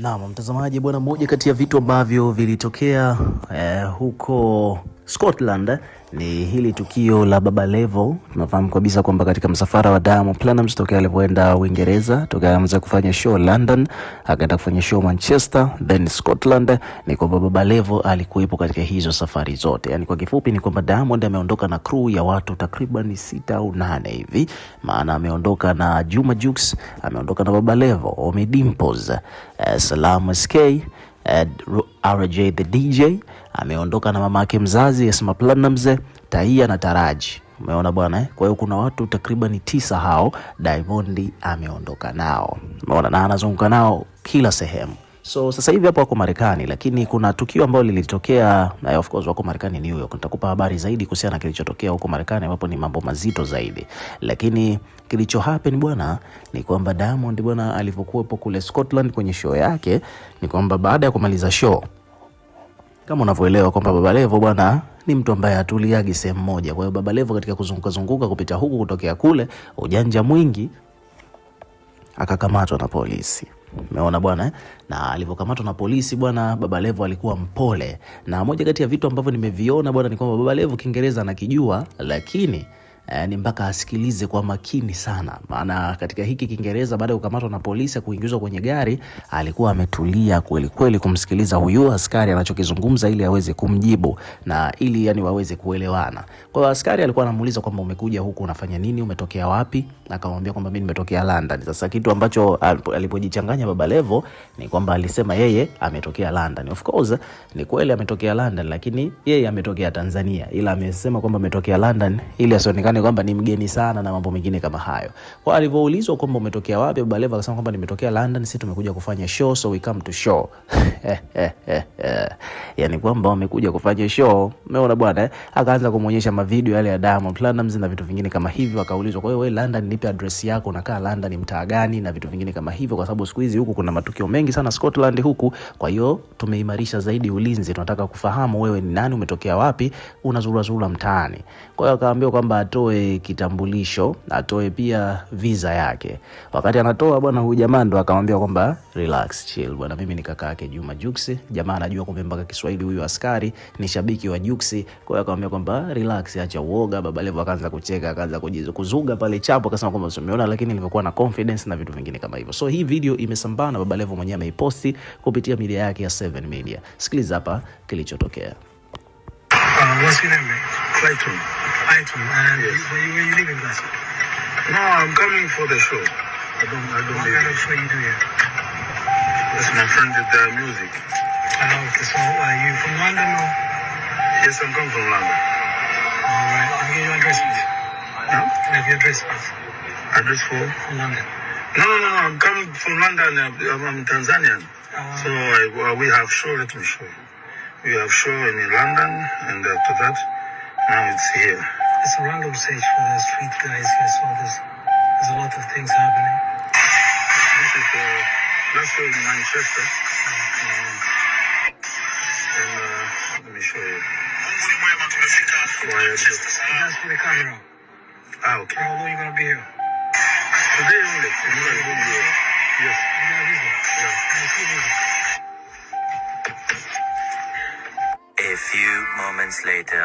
Naam mtazamaji, bwana, moja kati ya vitu ambavyo vilitokea eh, huko Scotland eh? ni hili tukio la Baba Levo. Tunafahamu kabisa kwamba katika msafara wa Diamond Platnumz tokea alipoenda Uingereza, tokaanza kufanya show London, akaenda kufanya show Manchester, then Scotland, eh? ni kwamba Baba Levo alikuwepo katika hizo safari zote. Yani kwa kifupi ni kwamba Diamond ameondoka na crew ya watu takriban sita au nane hivi, maana ameondoka na Juma Jux, ameondoka na Baba Levo, Ommy Dimpoz, eh, Salam SK RJ the DJ ameondoka na mama ake mzazi Esma Platnumz, Taia na Taraji. Umeona bwana eh? Kwa hiyo kuna watu takriban tisa hao Diamond ameondoka nao. Umeona na anazunguka nao kila sehemu. So sasa hivi hapo wako Marekani, lakini kuna tukio ambalo lilitokea na of course wako Marekani New York. Nitakupa habari zaidi kuhusiana na kilichotokea huko Marekani ambapo ni mambo mazito zaidi. Lakini Kilicho happen bwana ni kwamba Diamond bwana alipokuwepo kule Scotland kwenye show yake, ni kwamba baada ya kumaliza show, kama unavyoelewa kwamba Baba Levo bwana ni mtu ambaye atuliagi sehemu moja. Kwa hiyo Baba Levo katika kuzunguka zunguka kupita huku kutokea kule, ujanja mwingi, akakamatwa na polisi. Umeona bwana, eh? na alivyokamatwa na polisi bwana, Baba Levo alikuwa mpole, na moja kati ya vitu ambavyo nimeviona bwana ni kwamba Baba Levo Kiingereza anakijua lakini eh, ni mpaka asikilize kwa makini sana, maana katika hiki Kiingereza baada ya kukamatwa na polisi kuingizwa kwenye gari alikuwa ametulia kweli kweli kumsikiliza huyu askari anachokizungumza ili aweze kumjibu na ili yani waweze kuelewana. Kwa hiyo askari alikuwa anamuuliza kwamba umekuja huku unafanya nini, umetokea wapi? Akamwambia kwamba mimi nimetokea London. Sasa kitu ambacho alipojichanganya Baba Levo ni kwamba alisema yeye ametokea London. Of course ni kweli ametokea London, lakini yeye ametokea Tanzania, ila amesema kwamba ametokea London ili asionekane yani kwamba ni mgeni sana na mambo mengine kama hayo. Kwa alivyoulizwa kwamba umetokea wapi, Baba Levo akasema kwamba nimetokea London, sisi tumekuja kufanya show, so we come to show yani kwamba wamekuja kufanya show, umeona bwana eh? Akaanza kumuonyesha mavideo yale ya Diamond Platnumz na vitu vingine kama hivyo. Akaulizwa, kwa hiyo wewe London, nipe address yako, unakaa London mtaa gani, na vitu vingine kama hivyo, kwa sababu siku hizi huku kuna matukio mengi sana Scotland huku, kwa hiyo tumeimarisha zaidi ulinzi, tunataka kufahamu wewe ni nani, umetokea wapi, unazurazura mtaani. Kwa hiyo akaambiwa kwamba atoe kitambulisho, atoe pia visa yake. Wakati anatoa bwana, huyu jamaa ndo akamwambia kwamba relax chill bwana, mimi ni kaka yake Juma Jux. Jamaa anajua kumbe mpaka Kiswahili huyu askari ni shabiki wa Jux, kwa hiyo akamwambia kwamba relax, acha uoga. Baba Levo akaanza kucheka, akaanza kuzuga pale chapo, akasema kwamba usimeona, lakini nilivyokuwa na confidence na vitu vingine kama hivyo. So hii video imesambaa na Baba Levo mwenyewe ameiposti kupitia media yake ya 7 Media. Sikiliza hapa kilichotokea. Uh, Item. And yes. you, were, you, were you living Glasgow? No, I'm coming for the show. I don't, I don't what kind of show you do here? That's my friend did their music. Oh, okay, so are you from London or? Yes, I'm coming from London. Alright, can I get your address, please? No? Can I have your address, please? Address for? From London. No, no, no, no. I'm coming from London. Uh, I'm, I'm Tanzanian. Uh-huh. Uh, so I, we have show, let me show you. We have show in London, and after uh, that, now it's here. It's a random stage for the street guys here, so there's, there's a lot of things happening. This is the last in Manchester. And uh, let me show you. Wired. That's for the camera. Ah, okay. How long are you going to be here? Today only. Yes. Yeah. A few moments later.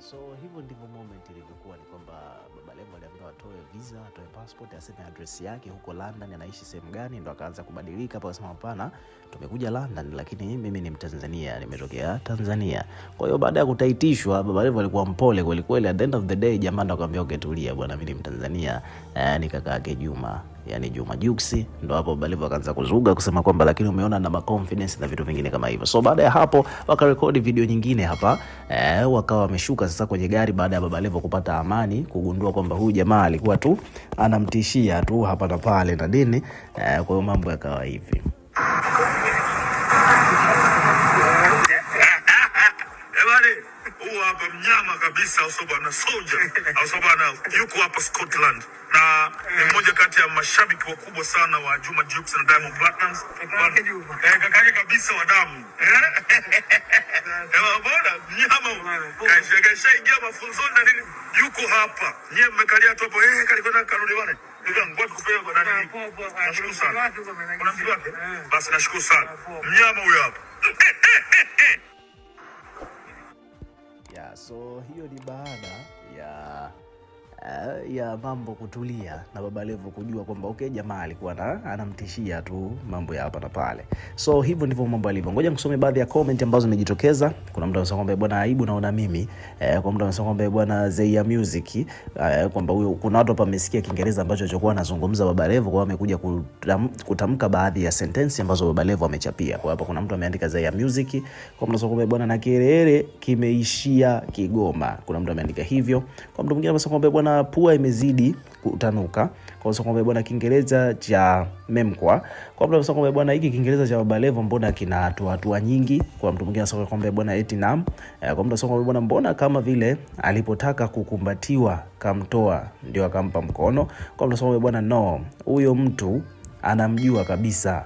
so hivyo ndivyo moment ilivyokuwa, ni kwamba Baba lembo aliambia atoe visa, atoe passport, aseme address yake huko London, anaishi sehemu gani, ndo akaanza kubadilika hapo, akasema hapana, tumekuja London, lakini mimi ni Mtanzania, nimetokea Tanzania. Kwa hiyo baada ya kutaitishwa, Baba lembo alikuwa mpole kwelikweli, at the end of the day jamaa ndo akaambia, uketulia bwana, mimi ni Mtanzania. Eh, ni Juma yani Juma Jux, ndo hapo Babalevo akaanza kuzuga kusema kwamba lakini umeona na confidence na vitu vingine kama hivyo. So baada ya hapo wakarekodi video nyingine hapa eh, wakawa wameshuka sasa kwenye gari baada ya Levo kupata amani, kugundua kwamba huyu jamaa alikuwa tu anamtishia tu hapa na pale na dini eh, kwa hiyo mambo yakawa hivi. mnyama kabisa, au bwana? Soldier au bwana? Yuko hapa Scotland na ni mmoja kati ya mashabiki wakubwa sana wa Juma Jux na Diamond Platnumz, Kakaje eh, kabisa wa damu eh, bona mnyama ingia mafunzoni na nini, yuko hapa. Nyie mmekalia tu hapo, kalikwenda karudi bwana. Nashukuru sana, Kuna mtu wake? Eh. basi nashukuru sana, mnyama huyo hapa. Ya, So hiyo ni baada Eh, ya mambo kutulia na Baba Levo kujua kwamba okay, jamaa alikuwa anamtishia tu mambo ya hapa na pale. So hivyo ndivyo mambo alivyo Ngoja nikusome baadhi ya comment ambazo zimejitokeza. Kuna mtu anasema kwamba bwana aibu naona mimi. Eh, kwa mtu anasema kwamba bwana Zeya Music eh, kwamba huyo kuna watu hapa wamesikia Kiingereza ambacho alichokuwa anazungumza Baba Levo kwa amekuja kutam, kutamka baadhi ya sentensi ambazo Baba Levo amechapia. Kwa hapa kuna mtu ameandika Zeya Music, kwa mtu anasema kwamba bwana na kelele kimeishia Kigoma. Kuna mtu ameandika hivyo. Kwa mtu mwingine anasema kwamba bwana pua imezidi kutanuka kwamba bwana Kiingereza cha memkwa kwamba bwana hiki Kiingereza cha babalevo mbona kina hatua hatua nyingi. Kwa mtu mwingine anasema kwamba bwana etinam eh, kwa mtu anasema bwana, mbona kama vile alipotaka kukumbatiwa kamtoa ndio akampa mkono. Kwa mtu anasema bwana, no, huyo mtu anamjua kabisa.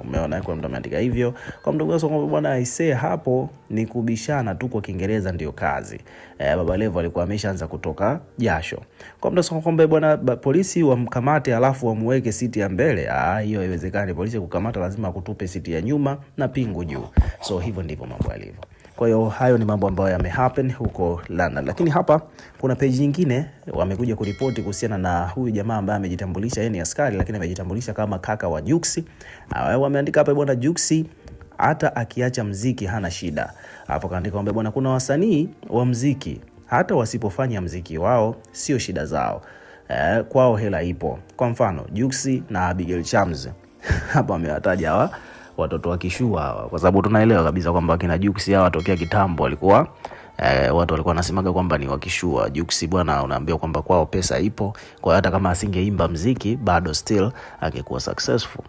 Umeona, kwa mtu ameandika hivyo kwa mwingine wako bwana. Aisee, hapo ni kubishana tu, kwa Kiingereza ndio kazi. E, Baba Levo alikuwa ameshaanza kutoka jasho kwa mtu sasa kwamba bwana polisi wamkamate, alafu wamuweke siti ya mbele. Ah, hiyo haiwezekani. Polisi kukamata lazima akutupe siti ya nyuma na pingu juu. So hivyo ndivyo mambo yalivyo. Kwa hiyo hayo ni mambo ambayo yamehappen huko London, lakini hapa kuna peji nyingine wamekuja kuripoti kuhusiana na huyu jamaa ambaye amejitambulisha yeye ni askari, lakini amejitambulisha kama kaka wa Juksi. Ah, wameandika hapa bwana Juksi hata akiacha mziki hana shida. Hapo kaandika kwamba bwana, kuna wasanii wa mziki hata wasipofanya mziki wao sio shida zao, eh, kwao hela ipo. Kwa mfano Juksi na Abigail Chams hapa wamewataja hawa watoto wa kishua hawa, kwa sababu tunaelewa kabisa kwamba kina juksi hawa tokea kitambo walikuwa Eh, watu walikuwa wanasemaga kwamba ni wakishua. juksi bwana, unaambia kwamba kwao pesa ipo, kwa hata kama asingeimba mziki bado still angekuwa successful.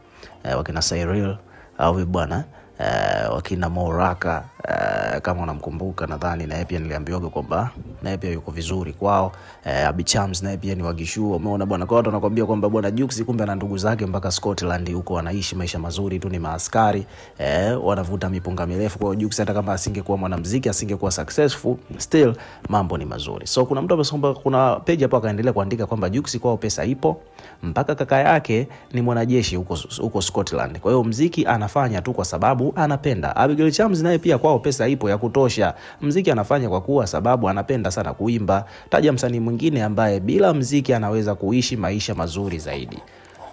Eh, wakina Cyril au bwana uh, wakina Moraka uh, eh, kama unamkumbuka nadhani naye pia niliambiwaga kwamba naye pia yuko vizuri kwao. Uh, eh, Abichams naye pia ni wagishua, umeona bwana. Kwa watu wanakuambia kwamba bwana juks kumbe ana ndugu zake mpaka Scotland huko, wanaishi maisha mazuri tu, ni maaskari uh, wanavuta mipunga mirefu. Kwa juks hata kama asingekuwa mwanamuziki asingekuwa successful, still mambo ni mazuri. So kuna mtu amesomba, kuna page hapo akaendelea kuandika kwamba juks kwao pesa ipo, mpaka kaka yake ni mwanajeshi huko huko Scotland. Kwa hiyo mziki anafanya tu kwa sababu anapenda. Abigail Chams naye pia kwao pesa ipo ya kutosha. Mziki anafanya kwa kuwa sababu anapenda sana kuimba. Taja msanii mwingine ambaye bila mziki anaweza kuishi maisha mazuri zaidi.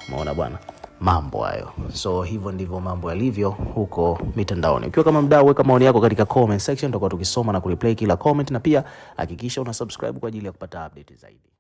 Umeona bwana mambo hayo. So hivyo ndivyo mambo yalivyo huko mitandaoni. Ukiwa kama mdau, weka maoni yako katika comment section, tutakuwa tukisoma na kureplay kila comment, na pia hakikisha una subscribe kwa ajili ya kupata update zaidi.